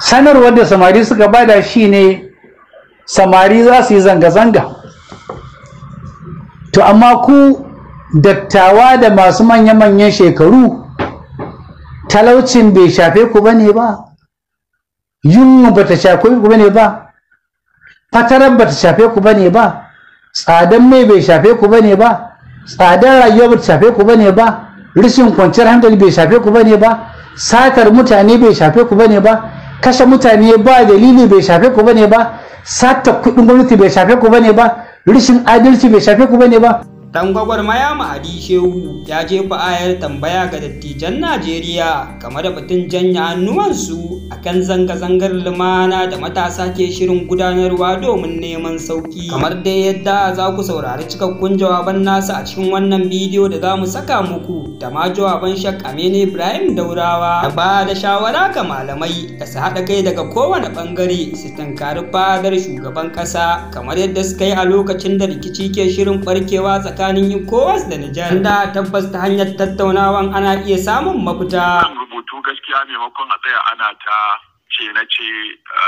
sanarwar da samari suka bada shi ne samari za su yi zanga-zanga to amma ku dattawa da masu manya-manyan shekaru talaucin bai shafe ku bane ba yunwa bata shafe ku bane ba fatarar bata shafe ku bane ba tsadan mai bai shafe ku bane ba tsadar rayuwa ta shafe ku bane ba rishin kwanciyar hankali bai shafe ku bane ba satar mutane bai shafe ku bane ba kashe mutane ba dalili bai shafe ku bane ba sata kudin gwamnati bai shafe ku bane ba Rishin adalci bai shafe ku bane ba Dan Mayama adi Shehu ya jefa ayar tambaya ga dattijan Najeriya game da batun janya hannuwansu kan zanga-zangar lumana da matasa ke shirin gudanarwa domin neman sauki. Kamar dai yadda za ku saurari cikakkun jawaban nasu a cikin wannan bidiyo da za mu saka muku da ma jawaban Shak Aminu Ibrahim Daurawa da ba da shawara ga malamai da su haɗa kai daga kowane ɓangare su tunkari fadar shugaban ƙasa kamar yadda suka yi a lokacin da rikici ke shirin ɓarkewa tsakanin tsakanin ECOWAS da Nijar. Tunda tabbas ta hanyar tattaunawan ana iya samun mafita. rubutu gaskiya maimakon a tsaya ana ta ce na ce a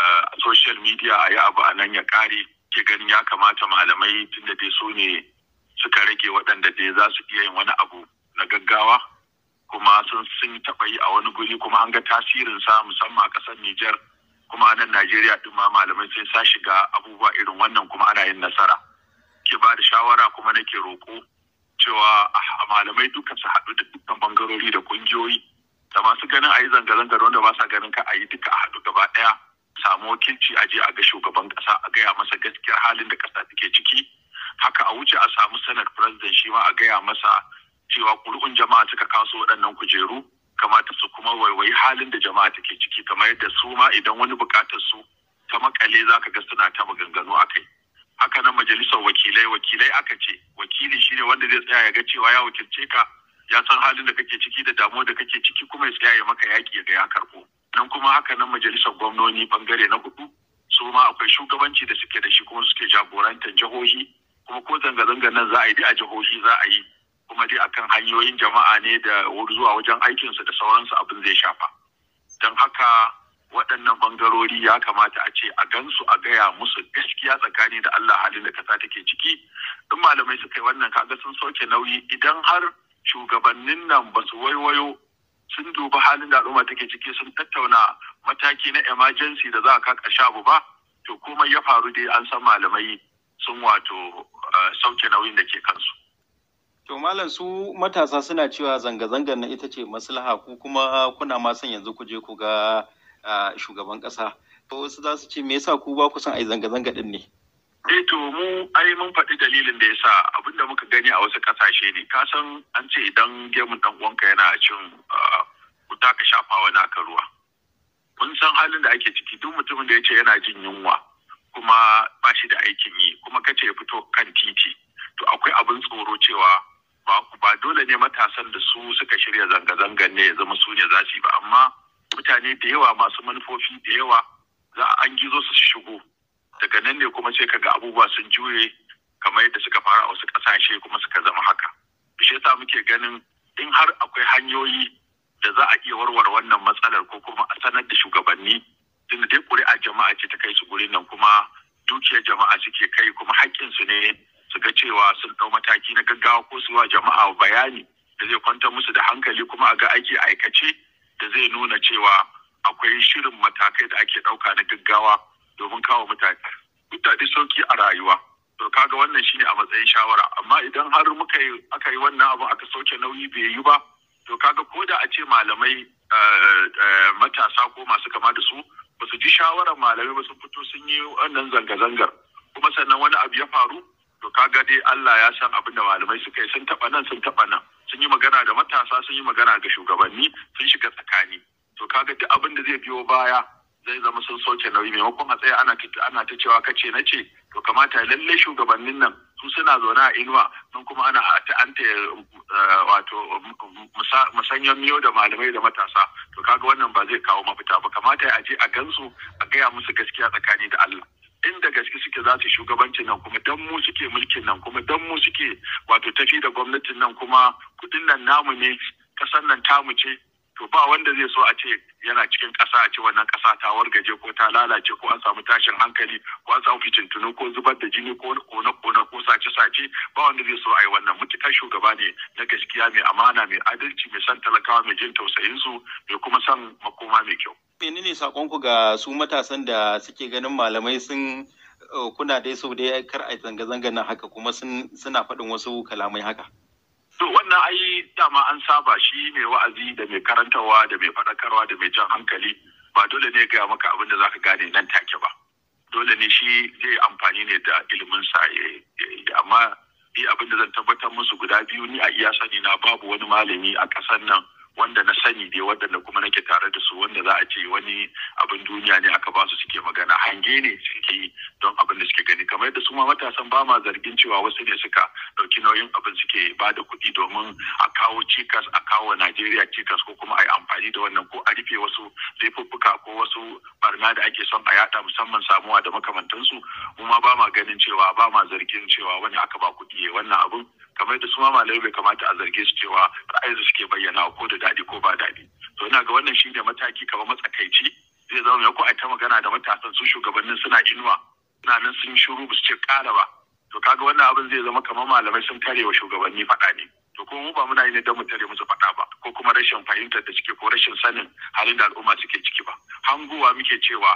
social media a yi abu a nan ya kare ke ganin ya kamata malamai da dai su ne suka rage waɗanda dai za su iya yin wani abu na gaggawa kuma sun sun taɓa yi a wani guri kuma an ga tasirin sa musamman a ƙasar Nijar kuma nan Najeriya ɗin ma malamai sai sa shiga abubuwa irin wannan kuma ana yin nasara. nake ba da shawara kuma nake roƙo cewa a ah, malamai duka su haɗu da dukkan bangarori da ƙungiyoyi, da masu ganin a yi zanga da wanda ba sa ganin ka a yi duka a haɗu gaba ɗaya samu wakilci a je a ga shugaban ƙasa a gaya masa gaskiyar halin da ƙasa take ciki haka a wuce a samu sanar president shi ma a gaya masa cewa ƙuri'un jama'a suka kaso waɗannan kujeru kamata su kuma waiwayi halin da jama'a take ciki kamar yadda su ma idan wani buƙatar su ta makale za ka ga suna ta maganganu a kai. haka nan majalisar wakilai wakilai aka ce wakili shine wanda zai tsaya ya ga cewa ya wakilce ka ya san halin da kake ciki da damuwa da kake ciki kuma ya tsaya ya maka yaki ya ga ya karbo nan kuma haka nan majalisar gwamnoni bangare na hudu su ma akwai shugabanci da suke da shi kuma suke jagorantar jihohi kuma ko zanga-zanga nan za a yi a jihohi za a yi kuma dai akan hanyoyin jama'a ne da zuwa wajen aikinsu da sauransu abin zai shafa don haka waɗannan bangarori ya kamata a ce a gansu a gaya musu gaskiya tsakani da Allah halin da kasa take ciki in malamai suka yi wannan kaga sun sauke nauyi idan har shugabannin nan ba su waiwayo sun duba halin da al'umma take ciki sun tattauna mataki na emergency da za a kaka shabu abu ba to komai ya faru dai an san malamai sun wato eh, sauke nauyin da ke kansu. To malam su matasa suna cewa zanga-zangar na ita ce maslaha ku kuma kuna ma son yanzu ku je ku ga shugaban ƙasa. To wasu za su ce me yasa ku ba ku son a zanga-zanga ɗin ne? Eh to mu ai mun faɗi dalilin da yasa abin da muka gani a wasu ƙasashe ne ka san an ce idan gemun ɗan uwanka yana cin wuta ka shafawa naka ruwa. Mun san halin da ake ciki duk mutumin da ya ce yana jin yunwa kuma ba shi da aikin yi kuma kace ya fito kan titi to akwai abin tsoro cewa ba dole ne matasan da su suka shirya zanga-zangan ne ya zama su ne za su yi ba amma mutane da yawa masu manufofi da yawa za a an gizo su shigo daga nan ne kuma sai kaga abubuwa sun jure kamar yadda suka fara a wasu kasashe kuma suka zama haka Bishe sa muke ganin in har akwai hanyoyi da za a iya warware wannan matsalar ko kuma a sanar da shugabanni tunda dai ƙuri'a jama'a ce ta kai su gurin nan kuma dukiyar jama'a suke kai kuma haƙƙinsu ne su ga cewa sun ɗau mataki na gaggawa ko su jama'a bayani da zai kwantar musu da hankali kuma a ga aiki aikace da zai nuna cewa akwai shirin matakai da ake ɗauka na gaggawa domin kawo mutane mutane sauki a rayuwa to kaga wannan shine a matsayin shawara amma idan har muka yi aka yi wannan abu aka sauke nauyi bai yi ba to kaga ko da a ce malamai eh, eh, matasa ko masu kama da su ba su ji shawarar malamai ba su fito sun yi wannan zanga-zangar kuma sannan wani abu ya faru to kaga dai Allah ya san abin da malamai suka yi sun taɓa nan sun taɓa nan sun yi magana da matasa sun yi magana ga shugabanni sun shiga tsakani to kaga duk abin da zai biyo baya zai zama sun soke nauyi maimakon a tsaye ana ana ta cewa kace na ce to kamata lalle shugabannin nan su suna zaune a inuwa nan kuma ana ta anta eh, wato musanyen miyo da malamai da matasa to kaga wannan ba zai kawo mafita ba kamata ya je a gansu a gaya musu gaskiya tsakani da Allah inda gaske suke za su shugabancin nan kuma dan mu suke mulkin nan kuma dan mu suke wato tafi da gwamnatin nan kuma kudin nan namu ne kasan nan tamu ce to ba wanda zai so a ce yana cikin ƙasa a ce wannan ƙasa ta wargaje ko ta lalace ko an samu tashin hankali ko an samu fitintunu ko zubar da jini ko kona kona ko sace sace ba wanda zai so a yi wannan mutukar shugaba ne na gaskiya mai amana mai adalci mai san talakawa mai jin tausayin su mai kuma san makoma mai kyau menene sakonku ga su matasan da suke ganin malamai sun eh, kuna dai so dai kar a zanga-zanga na haka kuma suna faɗin wasu kalamai haka. To wannan ai dama an saba shi mai wa'azi da mai karantawa da mai faɗakarwa da mai jan hankali ba dole ne gaya maka abin da ka gane nan take ba. Dole ne shi zai amfani ne da ilimin sa eh, eh, amma ni abin da zan tabbatar musu guda biyu ni a iya sani na babu wani malami a ƙasar nan wanda na sani dai wadanda kuma nake tare da su wanda za a ce wani abin duniya ne aka ba su suke magana hange ne suke yi don abin da suke gani kamar yadda su ma matasan ba ma zargin cewa wasu ne suka ɗauki nauyin abin suke ba da kuɗi domin a kawo cikas a kawo Najeriya cikas ko kuma a yi amfani da wannan ko a rufe wasu laifuffuka ko wasu barna da ake son a yada musamman samuwa da makamantansu mu ma ba ma ganin cewa ba ma zargin cewa wani aka ba kuɗi wannan abin kamar da su ma malamai bai kamata a zarge su cewa ra'ayin su suke bayyana ko da daɗi ko ba daɗi to ina ga wannan shine mataki kamar matsakaici zai zama ko a ta magana da matasan su shugabannin suna inuwa suna nan sun shiru ba su ce ƙara ba to kaga wannan abin zai zama kamar malamai sun tare wa shugabanni faɗa ne to kuma mu ba muna yi ne don mu tare musu faɗa ba ko kuma rashin fahimtar da suke ko rashin sanin halin da al'umma suke ciki ba hanguwa muke cewa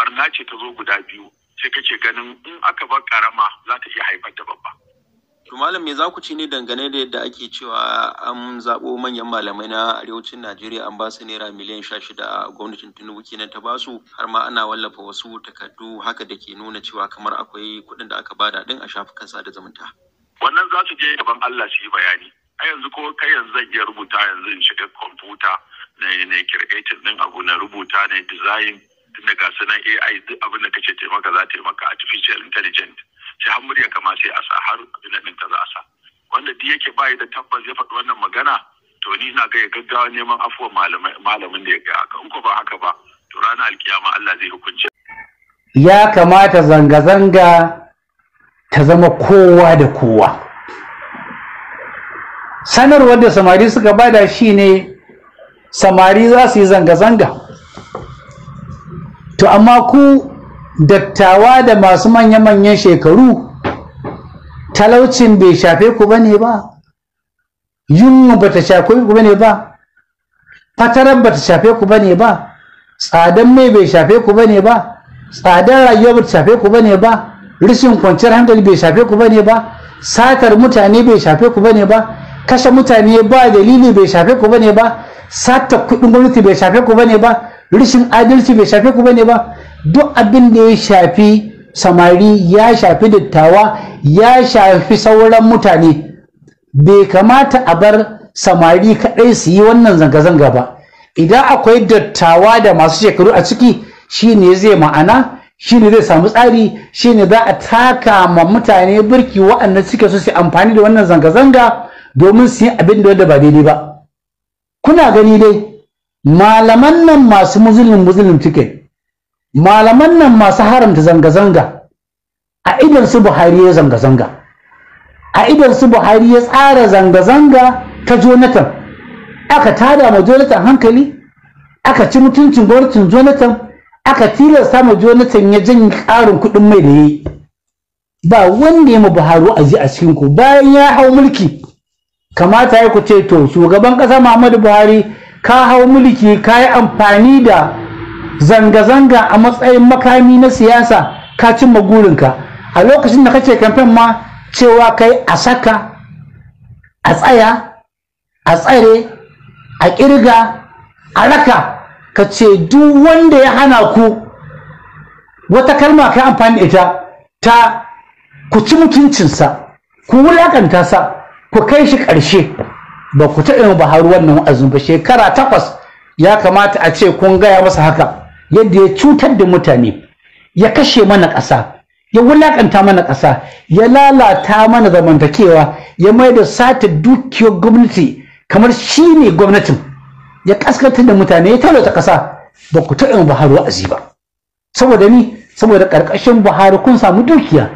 barna ce ta zo guda biyu sai kake ganin in aka bar karama za ta iya haifar da babba To malam me za ku ci ne dangane da yadda ake cewa an zaɓo manyan malamai na arewacin Najeriya an ba su naira miliyan sha shida a gwamnatin Tinubu kenan ta ba su har ma ana wallafa wasu takardu haka da ke nuna cewa kamar akwai kuɗin da aka bada din a shafukan sada zumunta. Wannan za su je gaban Allah su yi bayani. A yanzu ko kai yanzu zan iya rubuta yanzu in shiga kwamfuta na na kirkaitin din abu na rubuta na design tun daga sunan AI duk abin da kace taimaka za taimaka artificial intelligence sai har murya kama sai a sa har abin ta za a sa wanda duk yake bai da tabbas ya faɗi wannan magana to ni na ga ya gaggawa neman afuwar malamin da ya ga haka in ko ba haka ba to ranar alkiyama Allah zai hukunce ya kamata zanga-zanga ta zama kowa da kowa sanarwar da samari suka bada shi ne samari za su yi zanga-zanga to amma ku dattawa da masu manya-manyan shekaru talaucin bai shafe ku ba ne ba yunwa ba ta shafe ku ba ne ba fatarar ba ta shafe ku ba ne ba tsadan mai bai shafe ku ba ne ba tsadar rayuwa ba ta shafe ku ba ne ba rishin kwanciyar hankali bai shafe ku ba ne ba satar mutane bai shafe ku ba ne ba kashe mutane ba dalili bai shafe ku ba ne ba sata kuɗin gwamnati bai shafe ku ba ne ba rishin adalci bai shafe ku bane ba duk abin da ya shafi samari ya shafi dattawa ya shafi sauran mutane bai kamata a bar samari kaɗai su yi wannan zanga-zanga ba idan akwai dattawa da masu shekaru a ciki shi ne zai ma'ana shi ne zai samu tsari shi ne za a taka ma mutane birki waɗanda suke so su amfani da wannan zanga-zanga domin su yi abin da wanda ba daidai ba kuna gani dai malaman nan masu muzulun muzulun cike malaman nan masu haramta zanga-zanga a idan su buhari ya zanga-zanga a idan su buhari ya tsara zanga-zanga ta jonathan aka tada ma jonathan hankali aka ci mutuncin gwamnatin jonathan aka tilasta ma jonathan ya janye ƙarin kuɗin mai da ya yi ba wanda ya ma buhari wa'azi a cikin ku bayan ya hau mulki kamata ya ku ce to shugaban ƙasa muhammadu buhari ka hau mulki ka yi amfani da zanga-zanga a matsayin makami na siyasa ka cimma gurinka a lokacin da kace kamfen ma cewa kai a saka a tsaya a tsare a kirga a raka ka ce duk wanda ya hana ku wata kalma ka amfani ita ta ku ci mutuncinsa ku wulakanta sa ku kai shi ƙarshe ba ku taɓa ba har wannan wa'azin ba shekara takwas ya kamata a ce kun gaya masa haka yadda ya cutar da mutane ya kashe mana ƙasa ya wulaƙanta mana ƙasa ya lalata mana zamantakewa ya mai da sata dukiyar gwamnati kamar shi ne gwamnatin ya ƙaskantar da mutane ya talauta ƙasa ba ku taɓa ba har wa'azi ba saboda ni saboda ƙarƙashin buhari kun samu dukiya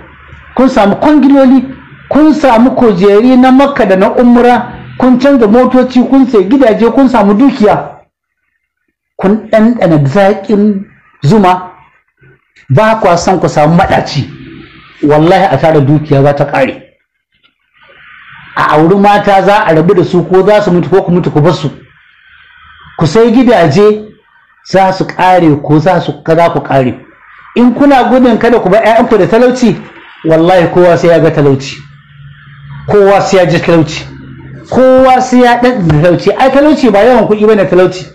kun samu kwangiloli kun samu kujeri na makka da na umra kun canza motoci kun sai gidaje kun samu dukiya kun ɗanɗana zaƙin zuma ba kwa son ku samu maɗaci wallahi a tara dukiya za ta ƙare a auri mata za a rabu da su ko za su mutu ko ku mutu ku bar su ku sai gidaje za su ƙare ko za su kaza ku ƙare in kuna gudun kada ku bar ƴaƴanku da talauci wallahi kowa sai ya ga talauci kowa sai ya ji talauci kowa sai ya ɗan talauci ai talauci ba yawan kuɗi bane talauci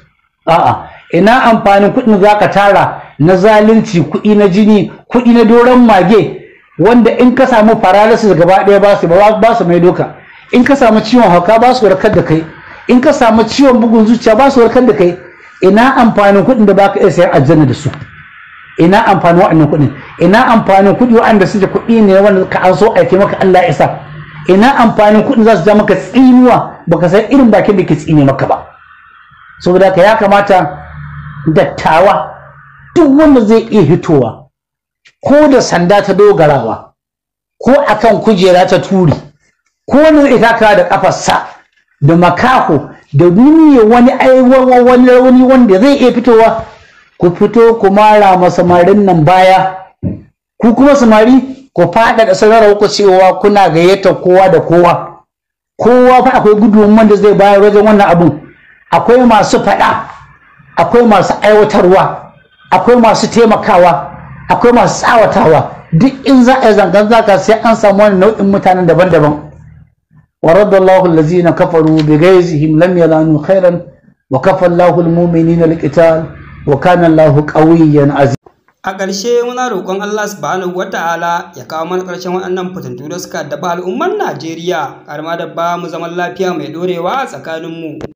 a'a ina amfanin kuɗin za ka tara na zalunci kuɗi na jini kuɗi na doron mage wanda in ka samu paralysis gaba ɗaya ba su ba su mai doka in ka samu ciwon hauka ba su warkar da kai in ka samu ciwon bugun zuciya ba su warkar da kai ina amfanin kuɗin da baka iya sayan aljanna da su ina amfanin waɗannan kuɗin ina amfanin kuɗi waɗanda suke kuɗi ne wanda ka an so yi maka Allah ya sa ina amfanin kuɗin za su ja maka tsinuwa baka san irin bakin da ke tsine maka ba saboda haka ya kamata dattawa duk wanda zai iya hitowa ko da sanda ta dogarawa ko akan kujera ta turi ko wani taka da kafarsa da makaho da duniya wani aiwawa wani rauni wanda zai iya fitowa ku fito ku mara masamarin nan baya ku kuma samari ku faɗaɗa sanarwar ku cewa kuna gayyatar kowa da kowa kowa fa akwai gudunmuwan da zai bayar wajen wannan abu akwai masu faɗa akwai masu aiwatarwa akwai masu taimakawa akwai masu tsawatawa duk in za a yi zangar zaka sai an samu wani nau'in mutanen daban-daban wa radallahu allazina kafaru bi ghaizihim lam yalanu khairan wa kafa Allahu al-mu'minina wa kana Allahu qawiyyan aziz a ƙarshe muna roƙon Allah subhanahu ta'ala ya kawo mana ƙarshen waɗannan fitintu da suka daba al'ummar Najeriya har ma da ba mu zaman lafiya mai ɗorewa a tsakaninmu